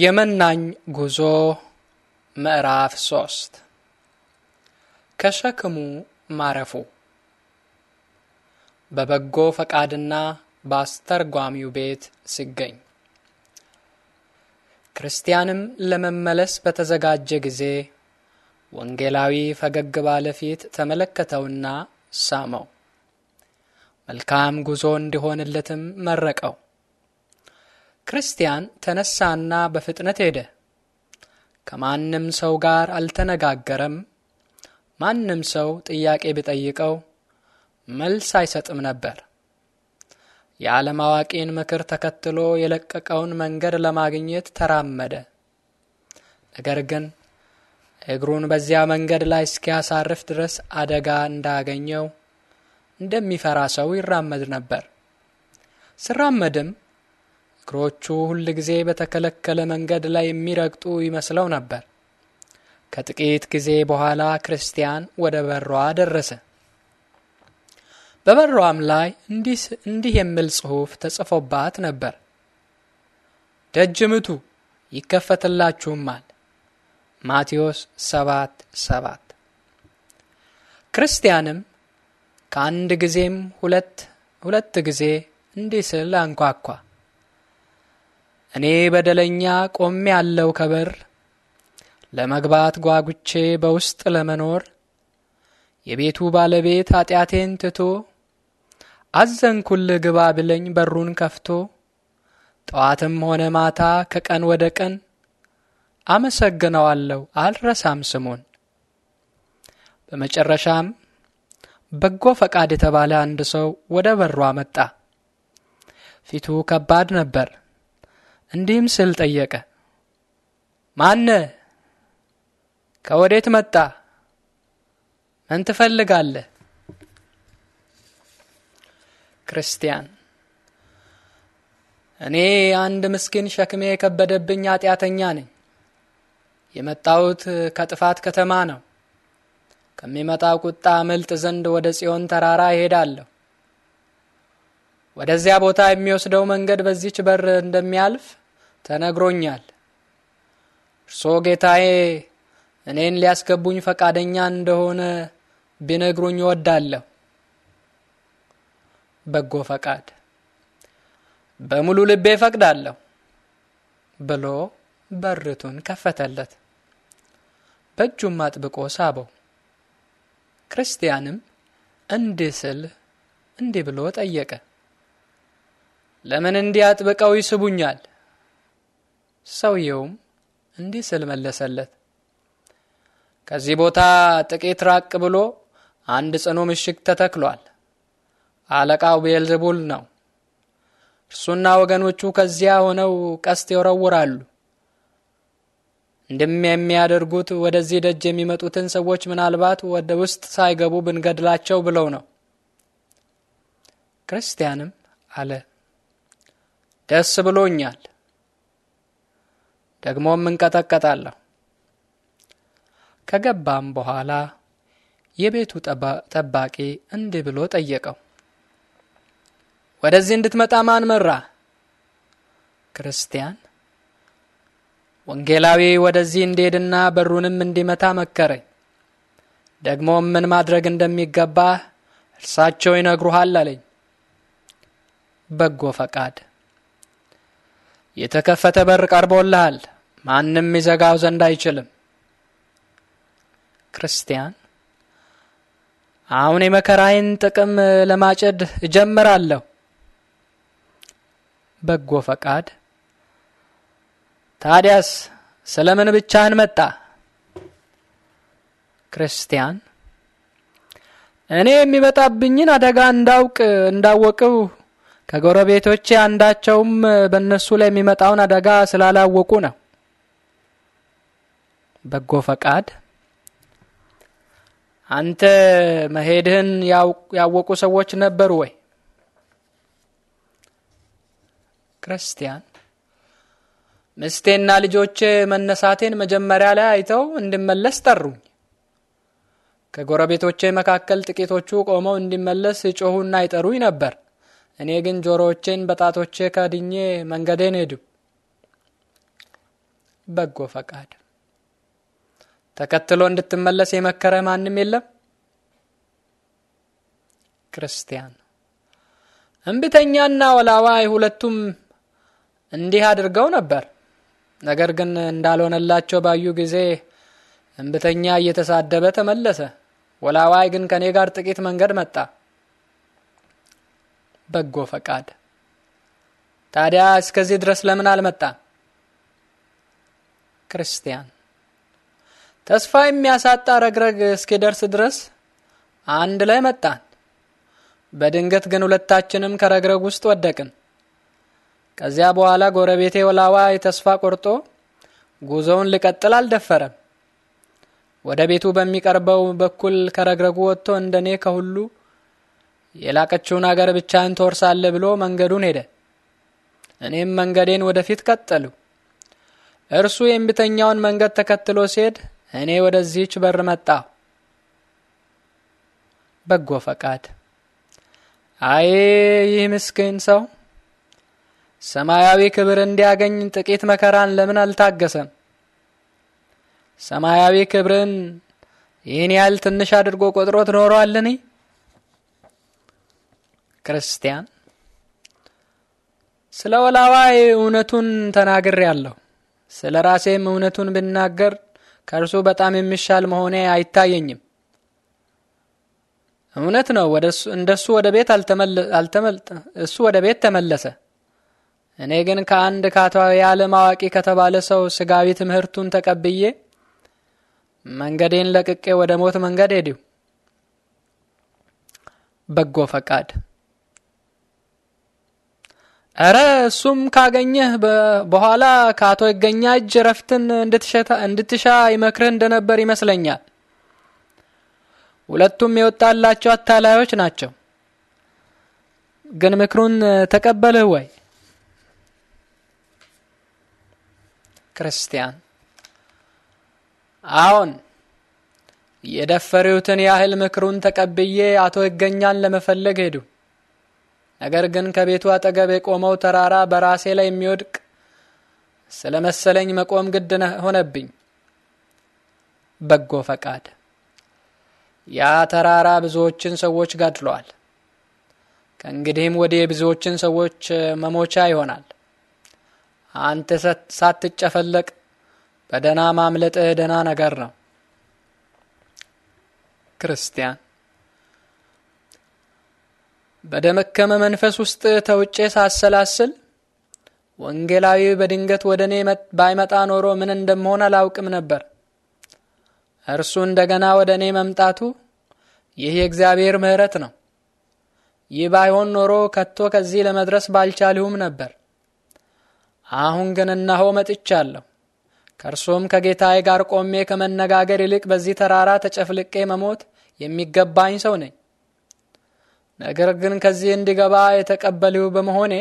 የመናኝ ጉዞ ምዕራፍ ሶስት ከሸክሙ ማረፉ በበጎ ፈቃድና በአስተርጓሚው ቤት ሲገኝ ክርስቲያንም ለመመለስ በተዘጋጀ ጊዜ ወንጌላዊ ፈገግ ባለ ፊት ተመለከተውና ሳመው። መልካም ጉዞ እንዲሆንለትም መረቀው። ክርስቲያን ተነሳና በፍጥነት ሄደ። ከማንም ሰው ጋር አልተነጋገረም። ማንም ሰው ጥያቄ ቢጠይቀው መልስ አይሰጥም ነበር። የዓለም አዋቂን ምክር ተከትሎ የለቀቀውን መንገድ ለማግኘት ተራመደ። ነገር ግን እግሩን በዚያ መንገድ ላይ እስኪያሳርፍ ድረስ አደጋ እንዳገኘው እንደሚፈራ ሰው ይራመድ ነበር። ሲራመድም እግሮቹ ሁል ጊዜ በተከለከለ መንገድ ላይ የሚረግጡ ይመስለው ነበር። ከጥቂት ጊዜ በኋላ ክርስቲያን ወደ በሯ ደረሰ። በበሯም ላይ እንዲህ የሚል ጽሑፍ ተጽፎባት ነበር። ደጅ ምቱ ይከፈትላችሁማል። ማቴዎስ 7 7 ክርስቲያንም ከአንድ ጊዜም ሁለት ሁለት ጊዜ እንዲህ ስል አንኳኳ። እኔ በደለኛ ቆሜ ያለው ከበር ለመግባት ጓጉቼ በውስጥ ለመኖር የቤቱ ባለቤት ኃጢአቴን ትቶ አዘንኩል ግባ ብለኝ በሩን ከፍቶ ጠዋትም ሆነ ማታ ከቀን ወደ ቀን አመሰግነዋለሁ አልረሳም ስሙን። በመጨረሻም በጎ ፈቃድ የተባለ አንድ ሰው ወደ በሯ መጣ። ፊቱ ከባድ ነበር። እንዲህም ስል ጠየቀ፣ ማነ? ከወዴት መጣ? ምን ትፈልጋለህ? ክርስቲያን እኔ አንድ ምስኪን ሸክሜ የከበደብኝ ኃጢአተኛ ነኝ። የመጣሁት ከጥፋት ከተማ ነው። ከሚመጣው ቁጣ ምልጥ ዘንድ ወደ ጽዮን ተራራ እሄዳለሁ። ወደዚያ ቦታ የሚወስደው መንገድ በዚች በር እንደሚያልፍ ተነግሮኛል። እርሶ ጌታዬ እኔን ሊያስገቡኝ ፈቃደኛ እንደሆነ ቢነግሩኝ እወዳለሁ። በጎ ፈቃድ በሙሉ ልቤ ፈቅዳለሁ ብሎ በርቱን ከፈተለት። በእጁም አጥብቆ ሳበው። ክርስቲያንም እንዲህ ስል እንዲህ ብሎ ጠየቀ፣ ለምን እንዲህ አጥብቀው ይስቡኛል? ሰውየውም እንዲህ ስል መለሰለት፣ ከዚህ ቦታ ጥቂት ራቅ ብሎ አንድ ጽኑ ምሽግ ተተክሏል። አለቃው ቤልዜቡል ነው። እርሱና ወገኖቹ ከዚያ ሆነው ቀስት ይወረውራሉ። እንድም የሚያደርጉት ወደዚህ ደጅ የሚመጡትን ሰዎች ምናልባት ወደ ውስጥ ሳይገቡ ብንገድላቸው ብለው ነው። ክርስቲያንም አለ ደስ ብሎኛል ደግሞም እንቀጠቀጣለሁ። ከገባም በኋላ የቤቱ ጠባቂ እንዲህ ብሎ ጠየቀው፣ ወደዚህ እንድትመጣ ማን መራ? ክርስቲያን ወንጌላዊ ወደዚህ እንዲሄድና በሩንም እንዲመታ መከረኝ። ደግሞም ምን ማድረግ እንደሚገባ እርሳቸው ይነግሩሃል አለኝ። በጎ ፈቃድ የተከፈተ በር ቀርቦልሃል፣ ማንም ይዘጋው ዘንድ አይችልም። ክርስቲያን አሁን የመከራዬን ጥቅም ለማጨድ እጀምራለሁ። በጎ ፈቃድ ታዲያስ ስለምን ብቻህን መጣ? ክርስቲያን እኔ የሚመጣብኝን አደጋ እንዳውቅ እንዳወቅው ከጎረቤቶቼ አንዳቸውም በእነሱ ላይ የሚመጣውን አደጋ ስላላወቁ ነው። በጎ ፈቃድ አንተ መሄድህን ያወቁ ሰዎች ነበሩ ወይ? ክርስቲያን ምስቴና ልጆቼ መነሳቴን መጀመሪያ ላይ አይተው እንድመለስ ጠሩኝ። ከጎረቤቶቼ መካከል ጥቂቶቹ ቆመው እንዲመለስ ይጮሁና ይጠሩኝ ነበር። እኔ ግን ጆሮዎቼን በጣቶቼ ካድኜ መንገዴን ሄዱ። በጎ ፈቃድ ተከትሎ እንድትመለስ የመከረ ማንም የለም። ክርስቲያን እምቢተኛና ወላዋይ ሁለቱም እንዲህ አድርገው ነበር። ነገር ግን እንዳልሆነላቸው ባዩ ጊዜ እንብተኛ እየተሳደበ ተመለሰ። ወላዋይ ግን ከእኔ ጋር ጥቂት መንገድ መጣ በጎ ፈቃድ። ታዲያ እስከዚህ ድረስ ለምን አልመጣም? ክርስቲያን ተስፋ የሚያሳጣ ረግረግ እስኪደርስ ድረስ አንድ ላይ መጣን። በድንገት ግን ሁለታችንም ከረግረግ ውስጥ ወደቅን። ከዚያ በኋላ ጎረቤቴ ወላዋይ ተስፋ ቆርጦ ጉዞውን ልቀጥል አልደፈረም። ወደ ቤቱ በሚቀርበው በኩል ከረግረጉ ወጥቶ እንደኔ ከሁሉ የላቀችውን አገር ብቻህን ትወርሳለህ ብሎ መንገዱን ሄደ። እኔም መንገዴን ወደፊት ቀጠሉ። እርሱ የእንቢተኛውን መንገድ ተከትሎ ሲሄድ እኔ ወደዚህች በር መጣሁ። በጎ ፈቃድ። አይ ይህ ምስኪን ሰው ሰማያዊ ክብር እንዲያገኝ ጥቂት መከራን ለምን አልታገሰም? ሰማያዊ ክብርን ይህን ያህል ትንሽ አድርጎ ቆጥሮት ኖሯልን? ክርስቲያን ስለ ወላዋይ እውነቱን ተናግሬ ያለሁ። ስለ ራሴም እውነቱን ብናገር ከእርሱ በጣም የሚሻል መሆኔ አይታየኝም። እውነት ነው፣ እንደሱ ወደ ቤት እሱ ወደ ቤት ተመለሰ። እኔ ግን ከአንድ ካታዊ ዓለም አዋቂ ከተባለ ሰው ስጋዊ ትምህርቱን ተቀብዬ መንገዴን ለቅቄ ወደ ሞት መንገድ ሄድሁ። በጎ ፈቃድ እረ እሱም ካገኘህ በኋላ ከአቶ ይገኛ እጅ እረፍትን እንድትሻ ይመክርህ እንደነበር ይመስለኛል። ሁለቱም የወጣላቸው አታላዮች ናቸው። ግን ምክሩን ተቀበልህ ወይ? ክርስቲያን አሁን የደፈሪውትን ያህል ምክሩን ተቀብዬ አቶ ይገኛን ለመፈለግ ሄዱ። ነገር ግን ከቤቱ አጠገብ የቆመው ተራራ በራሴ ላይ የሚወድቅ ስለ መሰለኝ መቆም ግድ ሆነብኝ። በጎ ፈቃድ። ያ ተራራ ብዙዎችን ሰዎች ገድሏል። ከእንግዲህም ወዲህ ብዙዎችን ሰዎች መሞቻ ይሆናል። አንተ ሳትጨፈለቅ በደህና ማምለጥህ ደህና ነገር ነው። ክርስቲያን በደመከመ መንፈስ ውስጥ ተውጬ ሳሰላስል ወንጌላዊ በድንገት ወደ እኔ ባይመጣ ኖሮ ምን እንደምሆን አላውቅም ነበር። እርሱ እንደገና ወደ እኔ መምጣቱ ይህ የእግዚአብሔር ምሕረት ነው። ይህ ባይሆን ኖሮ ከቶ ከዚህ ለመድረስ ባልቻልሁም ነበር። አሁን ግን እነሆ መጥቻለሁ። ከእርሱም ከጌታዬ ጋር ቆሜ ከመነጋገር ይልቅ በዚህ ተራራ ተጨፍልቄ መሞት የሚገባኝ ሰው ነኝ። ነገር ግን ከዚህ እንዲገባ የተቀበልሁ በመሆኔ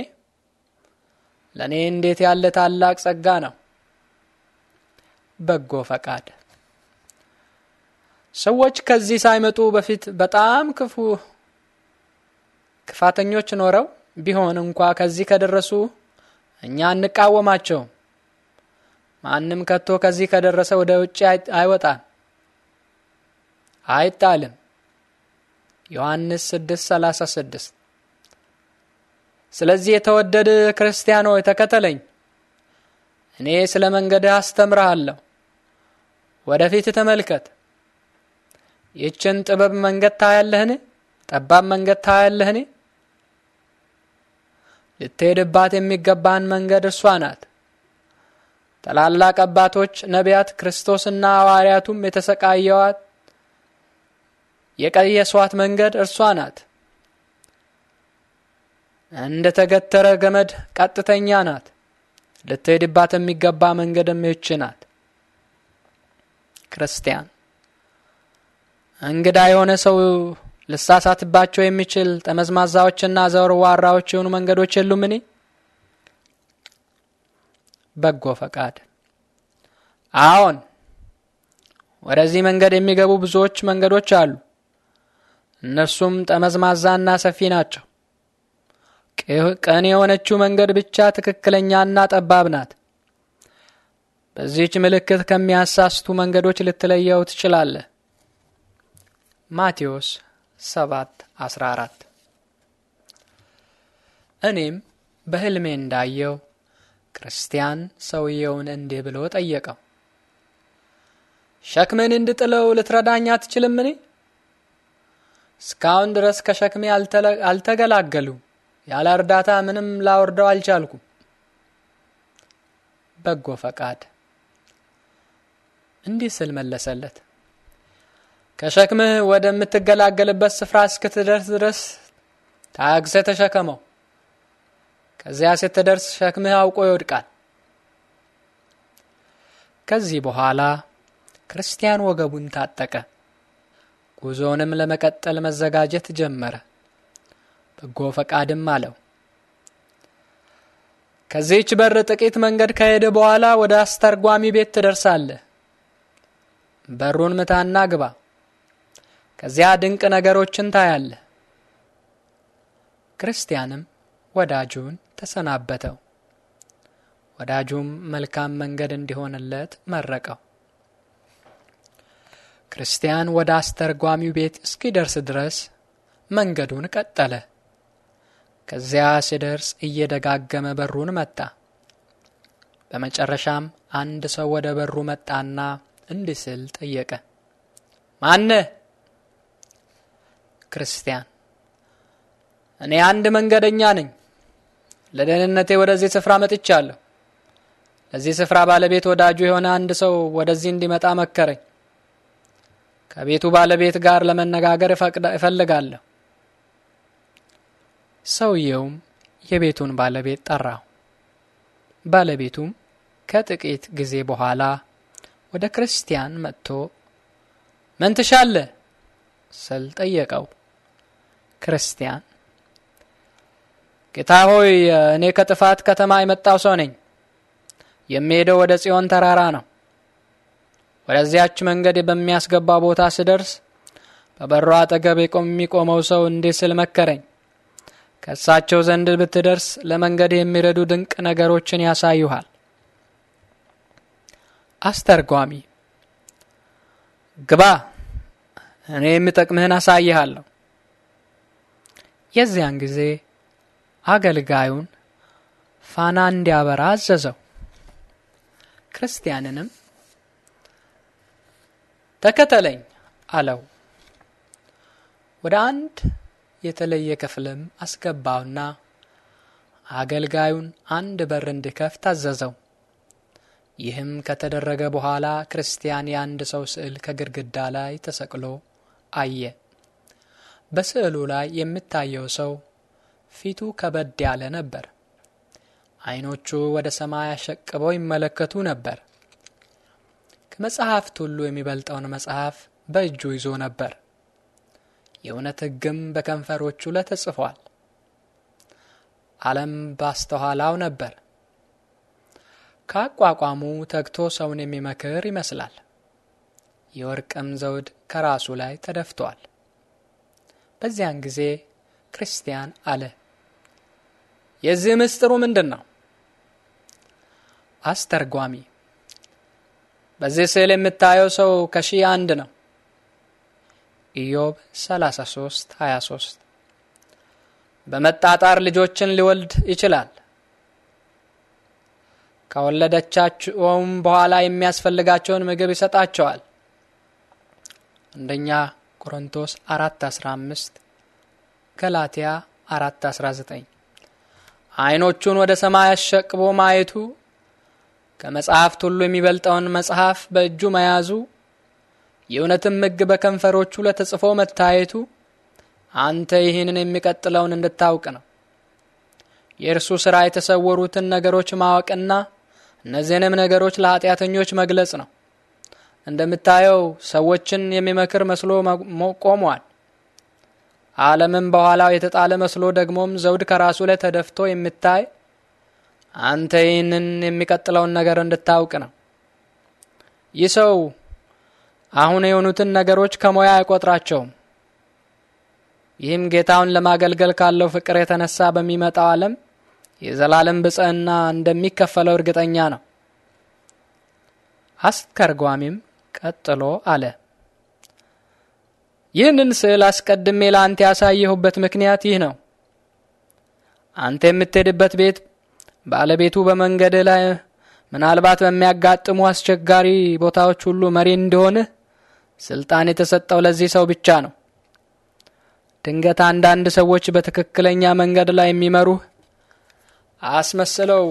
ለእኔ እንዴት ያለ ታላቅ ጸጋ ነው። በጎ ፈቃድ ሰዎች ከዚህ ሳይመጡ በፊት በጣም ክፉ ክፋተኞች ኖረው ቢሆን እንኳ ከዚህ ከደረሱ እኛ አንቃወማቸውም። ማንም ከቶ ከዚህ ከደረሰ ወደ ውጭ አይወጣም፣ አይጣልም። ዮሐንስ 6:36 ስለዚህ የተወደደ ክርስቲያን ሆይ ተከተለኝ፣ እኔ ስለ መንገድህ አስተምርሃለሁ። ወደፊት ተመልከት። ይህችን ጥበብ መንገድ ታያለህን? ጠባብ መንገድ ታያለህን? ልትሄድባት የሚገባን መንገድ እሷ ናት። ታላላቅ አባቶች ነቢያት፣ ክርስቶስና ሐዋርያቱም የተሰቃየዋት የቀየሷት መንገድ እርሷ ናት። እንደ ተገተረ ገመድ ቀጥተኛ ናት። ልትሄድባት የሚገባ መንገድም ይህች ናት። ክርስቲያን እንግዳ የሆነ ሰው ልሳሳትባቸው የሚችል ጠመዝማዛዎችና ዘወርዋራዎች የሆኑ መንገዶች የሉምኒ። በጎ ፈቃድ አዎን፣ ወደዚህ መንገድ የሚገቡ ብዙዎች መንገዶች አሉ። እነርሱም ጠመዝማዛና ሰፊ ናቸው። ቀን የሆነችው መንገድ ብቻ ትክክለኛና ጠባብ ናት። በዚህች ምልክት ከሚያሳስቱ መንገዶች ልትለየው ትችላለ። ማቴዎስ 7 14 እኔም በሕልሜ እንዳየው ክርስቲያን ሰውየውን እንዲህ ብሎ ጠየቀው፣ ሸክምን እንድጥለው ልትረዳኝ አትችልምን? እስካሁን ድረስ ከሸክሜ አልተገላገሉ። ያለ እርዳታ ምንም ላወርደው አልቻልኩም። በጎ ፈቃድ እንዲህ ስል መለሰለት፣ ከሸክምህ ወደምትገላገልበት ስፍራ እስክትደርስ ድረስ ታግሰ ተሸከመው። ከዚያ ስትደርስ ሸክምህ አውቆ ይወድቃል። ከዚህ በኋላ ክርስቲያን ወገቡን ታጠቀ። ጉዞውንም ለመቀጠል መዘጋጀት ጀመረ። በጎ ፈቃድም አለው። ከዚህች በር ጥቂት መንገድ ከሄደ በኋላ ወደ አስተርጓሚ ቤት ትደርሳለህ። በሩን ምታና ግባ። ከዚያ ድንቅ ነገሮችን ታያለህ። ክርስቲያንም ወዳጁን ተሰናበተው። ወዳጁም መልካም መንገድ እንዲሆንለት መረቀው። ክርስቲያን ወደ አስተርጓሚው ቤት እስኪደርስ ድረስ መንገዱን ቀጠለ። ከዚያ ሲደርስ እየደጋገመ በሩን መጣ በመጨረሻም አንድ ሰው ወደ በሩ መጣና እንዲህ ስል ጠየቀ። ማነህ? ክርስቲያን። እኔ አንድ መንገደኛ ነኝ። ለደህንነቴ ወደዚህ ስፍራ መጥቻለሁ። ለዚህ ስፍራ ባለቤት ወዳጁ የሆነ አንድ ሰው ወደዚህ እንዲመጣ መከረኝ። ከቤቱ ባለቤት ጋር ለመነጋገር እፈልጋለሁ። ሰውየውም የቤቱን ባለቤት ጠራው። ባለቤቱም ከጥቂት ጊዜ በኋላ ወደ ክርስቲያን መጥቶ ምን ትሻለ ስል ጠየቀው። ክርስቲያን ጌታ ሆይ፣ እኔ ከጥፋት ከተማ የመጣው ሰው ነኝ። የሚሄደው ወደ ጽዮን ተራራ ነው። ወደዚያች መንገድ በሚያስገባ ቦታ ስደርስ በበሯ አጠገብ የሚቆመው ሰው እንዲህ ስል መከረኝ። ከእሳቸው ዘንድ ብትደርስ ለመንገድ የሚረዱ ድንቅ ነገሮችን ያሳዩሃል። አስተርጓሚ ግባ፣ እኔ የሚጠቅምህን አሳይሃለሁ። የዚያን ጊዜ አገልጋዩን ፋና እንዲያበራ አዘዘው። ክርስቲያንንም ተከተለኝ አለው። ወደ አንድ የተለየ ክፍልም አስገባውና አገልጋዩን አንድ በር እንዲከፍት አዘዘው። ይህም ከተደረገ በኋላ ክርስቲያን የአንድ ሰው ስዕል ከግድግዳ ላይ ተሰቅሎ አየ። በስዕሉ ላይ የሚታየው ሰው ፊቱ ከበድ ያለ ነበር። ዓይኖቹ ወደ ሰማይ አሸቅበው ይመለከቱ ነበር። ከመጽሐፍት ሁሉ የሚበልጠውን መጽሐፍ በእጁ ይዞ ነበር። የእውነት ሕግም በከንፈሮቹ ላይ ተጽፏል። ዓለም ባስተኋላው ነበር። ከአቋቋሙ ተግቶ ሰውን የሚመክር ይመስላል። የወርቅም ዘውድ ከራሱ ላይ ተደፍቷል። በዚያን ጊዜ ክርስቲያን አለ፣ የዚህ ምስጢሩ ምንድን ነው? አስተርጓሚ በዚህ ስዕል የምታየው ሰው ከሺህ አንድ ነው። ኢዮብ 33 23 በመጣጣር ልጆችን ሊወልድ ይችላል። ከወለደቻቸውም በኋላ የሚያስፈልጋቸውን ምግብ ይሰጣቸዋል። አንደኛ ቆሮንቶስ 4:15 ገላትያ 4:19 አይኖቹን ወደ ሰማይ አሸቅቦ ማየቱ ከመጽሐፍት ሁሉ የሚበልጠውን መጽሐፍ በእጁ መያዙ የእውነትም ሕግ በከንፈሮቹ ለተጽፎ መታየቱ አንተ ይህንን የሚቀጥለውን እንድታውቅ ነው። የእርሱ ሥራ የተሰወሩትን ነገሮች ማወቅና እነዚህንም ነገሮች ለኃጢአተኞች መግለጽ ነው። እንደምታየው ሰዎችን የሚመክር መስሎ ቆሟል። ዓለምም በኋላው የተጣለ መስሎ ደግሞም ዘውድ ከራሱ ላይ ተደፍቶ የሚታይ አንተ ይህንን የሚቀጥለውን ነገር እንድታውቅ ነው። ይህ ሰው አሁን የሆኑትን ነገሮች ከሙያ አይቆጥራቸውም። ይህም ጌታውን ለማገልገል ካለው ፍቅር የተነሳ በሚመጣው ዓለም የዘላለም ብጽዕና እንደሚከፈለው እርግጠኛ ነው። አስተርጓሚም ቀጥሎ አለ። ይህንን ስዕል አስቀድሜ ለአንተ ያሳየሁበት ምክንያት ይህ ነው። አንተ የምትሄድበት ቤት ባለቤቱ በመንገድ ላይ ምናልባት በሚያጋጥሙ አስቸጋሪ ቦታዎች ሁሉ መሪ እንደሆን ስልጣን የተሰጠው ለዚህ ሰው ብቻ ነው። ድንገት አንዳንድ ሰዎች በትክክለኛ መንገድ ላይ የሚመሩህ አስመስለው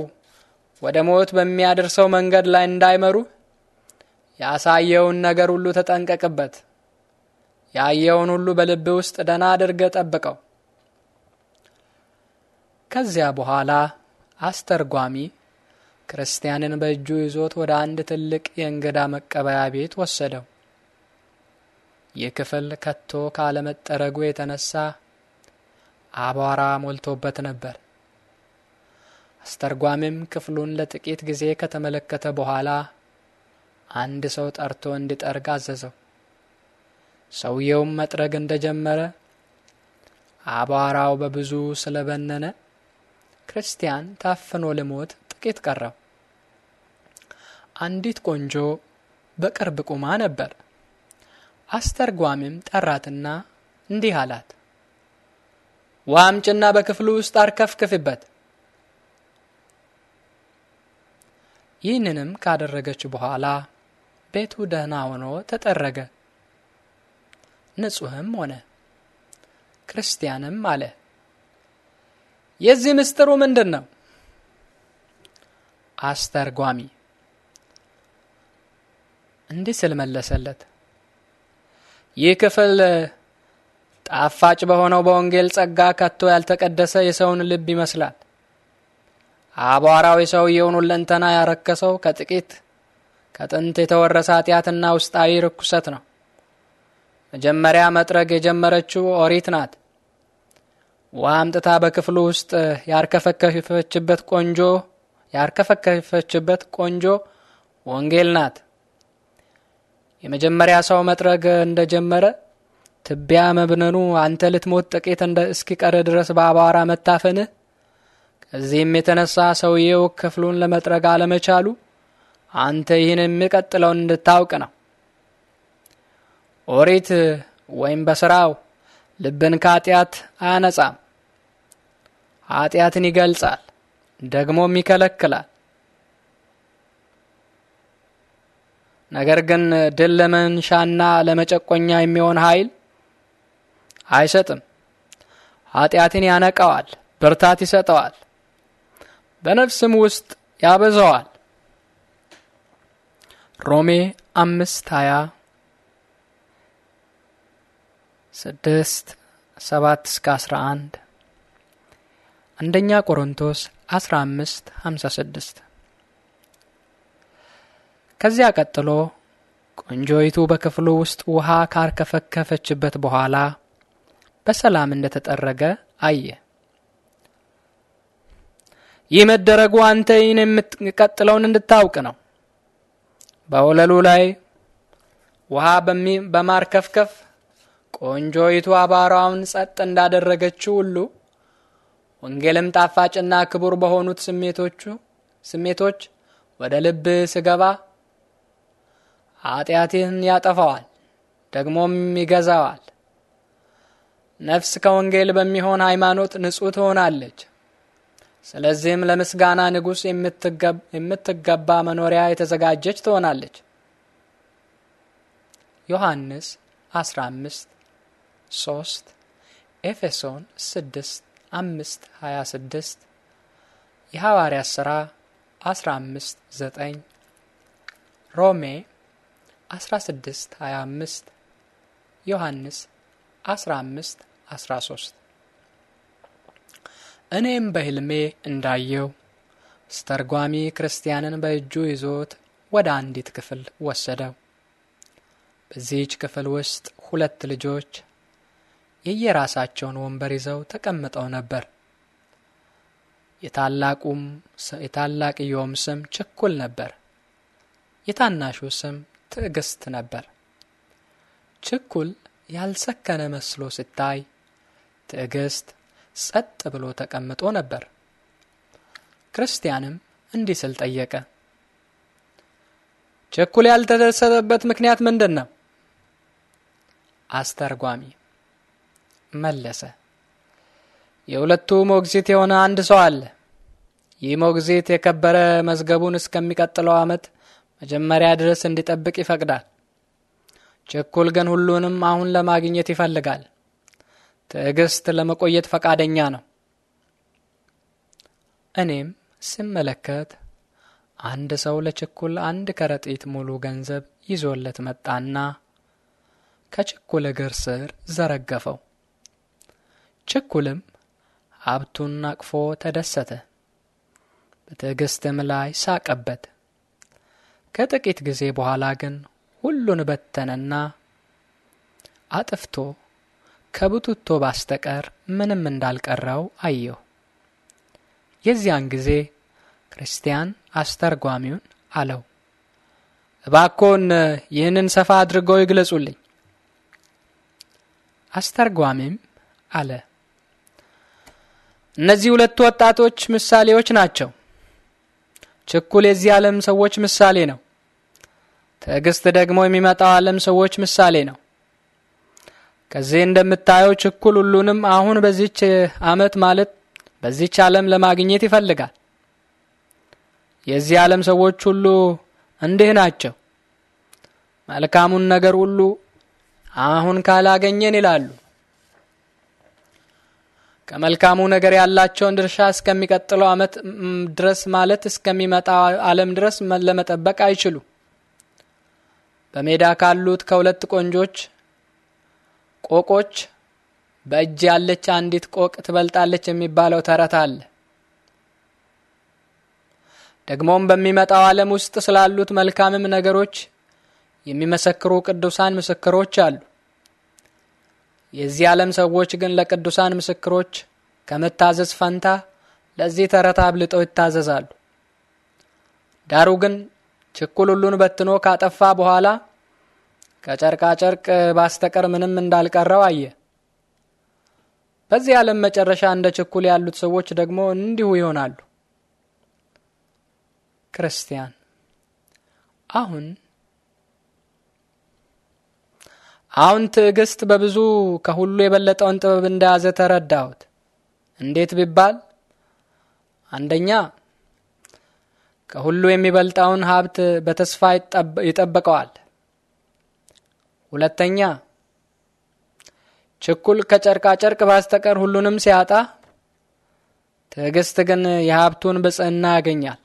ወደ ሞት በሚያደርሰው መንገድ ላይ እንዳይመሩ ያሳየውን ነገር ሁሉ ተጠንቀቅበት። ያየውን ሁሉ በልብ ውስጥ ደህና አድርገ ጠብቀው። ከዚያ በኋላ አስተርጓሚ ክርስቲያንን በእጁ ይዞት ወደ አንድ ትልቅ የእንግዳ መቀበያ ቤት ወሰደው። ይህ ክፍል ከቶ ካለመጠረጉ የተነሳ አቧራ ሞልቶበት ነበር። አስተርጓሚም ክፍሉን ለጥቂት ጊዜ ከተመለከተ በኋላ አንድ ሰው ጠርቶ እንዲጠርግ አዘዘው። ሰውየውም መጥረግ እንደጀመረ አቧራው በብዙ ስለበነነ ክርስቲያን ታፍኖ ለሞት ጥቂት ቀረው። አንዲት ቆንጆ በቅርብ ቆማ ነበር። አስተርጓሚም ጠራትና እንዲህ አላት፣ ዋምጭና በክፍሉ ውስጥ አርከፍክፊበት። ይህንንም ካደረገች በኋላ ቤቱ ደህና ሆኖ ተጠረገ፣ ንጹህም ሆነ። ክርስቲያንም አለ የዚህ ምስጢሩ ምንድን ነው? አስተርጓሚ እንዲህ ስል መለሰለት፣ ይህ ክፍል ጣፋጭ በሆነው በወንጌል ጸጋ ከቶ ያልተቀደሰ የሰውን ልብ ይመስላል። አቧራው የሰውየውን ሁለንተና ያረከሰው ከጥቂት ከጥንት የተወረሰ ኃጢአትና ውስጣዊ ርኩሰት ነው። መጀመሪያ መጥረግ የጀመረችው ኦሪት ናት። ውሃ አምጥታ በክፍሉ ውስጥ ያርከፈከፈችበት ቆንጆ ያርከፈከፈችበት ቆንጆ ወንጌል ናት። የመጀመሪያ ሰው መጥረግ እንደጀመረ ትቢያ መብነኑ አንተ ልትሞት ጥቂት እንደ እስኪቀር ድረስ በአቧራ መታፈንህ፣ ከዚህም የተነሳ ሰውየው ክፍሉን ለመጥረግ አለመቻሉ አንተ ይህን የሚቀጥለውን እንድታውቅ ነው። ኦሪት ወይም በስራው ልብን ከኃጢአት አያነጻም፣ ኃጢአትን ይገልጻል ደግሞም ይከለክላል። ነገር ግን ድል ለመንሻና ለመጨቆኛ የሚሆን ኃይል አይሰጥም። ኃጢአትን ያነቀዋል፣ ብርታት ይሰጠዋል፣ በነፍስም ውስጥ ያበዛዋል። ሮሜ አምስት ሀያ ስድስት ሰባት እስከ አስራ አንድ አንደኛ ቆሮንቶስ አስራ አምስት ሀምሳ ስድስት ከዚያ ቀጥሎ ቆንጆይቱ በክፍሉ ውስጥ ውሃ ካርከፈከፈችበት በኋላ በሰላም እንደተጠረገ አየ። ይህ መደረጉ አንተ ይህን የምትቀጥለውን እንድታውቅ ነው። በወለሉ ላይ ውሃ በማርከፍከፍ ቆንጆይቱ አባራውን ጸጥ እንዳደረገችው ሁሉ ወንጌልም ጣፋጭና ክቡር በሆኑት ስሜቶቹ ስሜቶች ወደ ልብ ስገባ ኃጢአትን ያጠፋዋል፣ ደግሞም ይገዛዋል። ነፍስ ከወንጌል በሚሆን ሃይማኖት ንጹህ ትሆናለች። ስለዚህም ለምስጋና ንጉሥ የምትገባ መኖሪያ የተዘጋጀች ትሆናለች። ዮሐንስ 15 3 ኤፌሶን 6 5 26 የሐዋርያ ሥራ 15 9 ሮሜ 16 25 ዮሐንስ 15 13 እኔም በሕልሜ እንዳየው አስተርጓሚ ክርስቲያንን በእጁ ይዞት ወደ አንዲት ክፍል ወሰደው። በዚህች ክፍል ውስጥ ሁለት ልጆች የየራሳቸውን ወንበር ይዘው ተቀምጠው ነበር። የታላቁም የታላቅየውም ስም ችኩል ነበር። የታናሹ ስም ትዕግስት ነበር። ችኩል ያልሰከነ መስሎ ሲታይ፣ ትዕግስት ጸጥ ብሎ ተቀምጦ ነበር። ክርስቲያንም እንዲህ ስል ጠየቀ፣ ችኩል ያልተደሰተበት ምክንያት ምንድን ነው? አስተርጓሚ መለሰ፣ የሁለቱ ሞግዚት የሆነ አንድ ሰው አለ። ይህ ሞግዚት የከበረ መዝገቡን እስከሚቀጥለው ዓመት መጀመሪያ ድረስ እንዲጠብቅ ይፈቅዳል። ችኩል ግን ሁሉንም አሁን ለማግኘት ይፈልጋል። ትዕግስት ለመቆየት ፈቃደኛ ነው። እኔም ስመለከት አንድ ሰው ለችኩል አንድ ከረጢት ሙሉ ገንዘብ ይዞለት መጣና ከችኩል እግር ስር ዘረገፈው። ችኩልም ሀብቱን አቅፎ ተደሰተ፣ በትዕግስትም ላይ ሳቀበት። ከጥቂት ጊዜ በኋላ ግን ሁሉን በተነና አጥፍቶ ከብቱቶ ባስተቀር ምንም እንዳልቀረው አየሁ። የዚያን ጊዜ ክርስቲያን አስተርጓሚውን አለው፣ እባኮን ይህንን ሰፋ አድርገው ይግለጹልኝ። አስተርጓሚም አለ እነዚህ ሁለቱ ወጣቶች ምሳሌዎች ናቸው። ችኩል የዚህ ዓለም ሰዎች ምሳሌ ነው። ትዕግስት ደግሞ የሚመጣው ዓለም ሰዎች ምሳሌ ነው። ከዚህ እንደምታየው ችኩል ሁሉንም አሁን በዚች ዓመት ማለት በዚች ዓለም ለማግኘት ይፈልጋል። የዚህ ዓለም ሰዎች ሁሉ እንዲህ ናቸው። መልካሙን ነገር ሁሉ አሁን ካላገኘን ይላሉ። ከመልካሙ ነገር ያላቸውን ድርሻ እስከሚቀጥለው ዓመት ድረስ ማለት እስከሚመጣ ዓለም ድረስ ለመጠበቅ አይችሉ። በሜዳ ካሉት ከሁለት ቆንጆች ቆቆች በእጅ ያለች አንዲት ቆቅ ትበልጣለች የሚባለው ተረት አለ። ደግሞም በሚመጣው ዓለም ውስጥ ስላሉት መልካምም ነገሮች የሚመሰክሩ ቅዱሳን ምስክሮች አሉ። የዚህ ዓለም ሰዎች ግን ለቅዱሳን ምስክሮች ከመታዘዝ ፈንታ ለዚህ ተረት አብልጠው ይታዘዛሉ። ዳሩ ግን ችኩል ሁሉን በትኖ ካጠፋ በኋላ ከጨርቃጨርቅ ባስተቀር ምንም እንዳልቀረው አየ። በዚህ ዓለም መጨረሻ እንደ ችኩል ያሉት ሰዎች ደግሞ እንዲሁ ይሆናሉ። ክርስቲያን አሁን አሁን ትዕግስት በብዙ ከሁሉ የበለጠውን ጥበብ እንደያዘ ተረዳሁት። እንዴት ቢባል አንደኛ ከሁሉ የሚበልጣውን ሀብት በተስፋ ይጠብቀዋል። ሁለተኛ ችኩል ከጨርቃ ጨርቅ ባስተቀር ሁሉንም ሲያጣ፣ ትዕግስት ግን የሀብቱን ብጽዕና ያገኛል።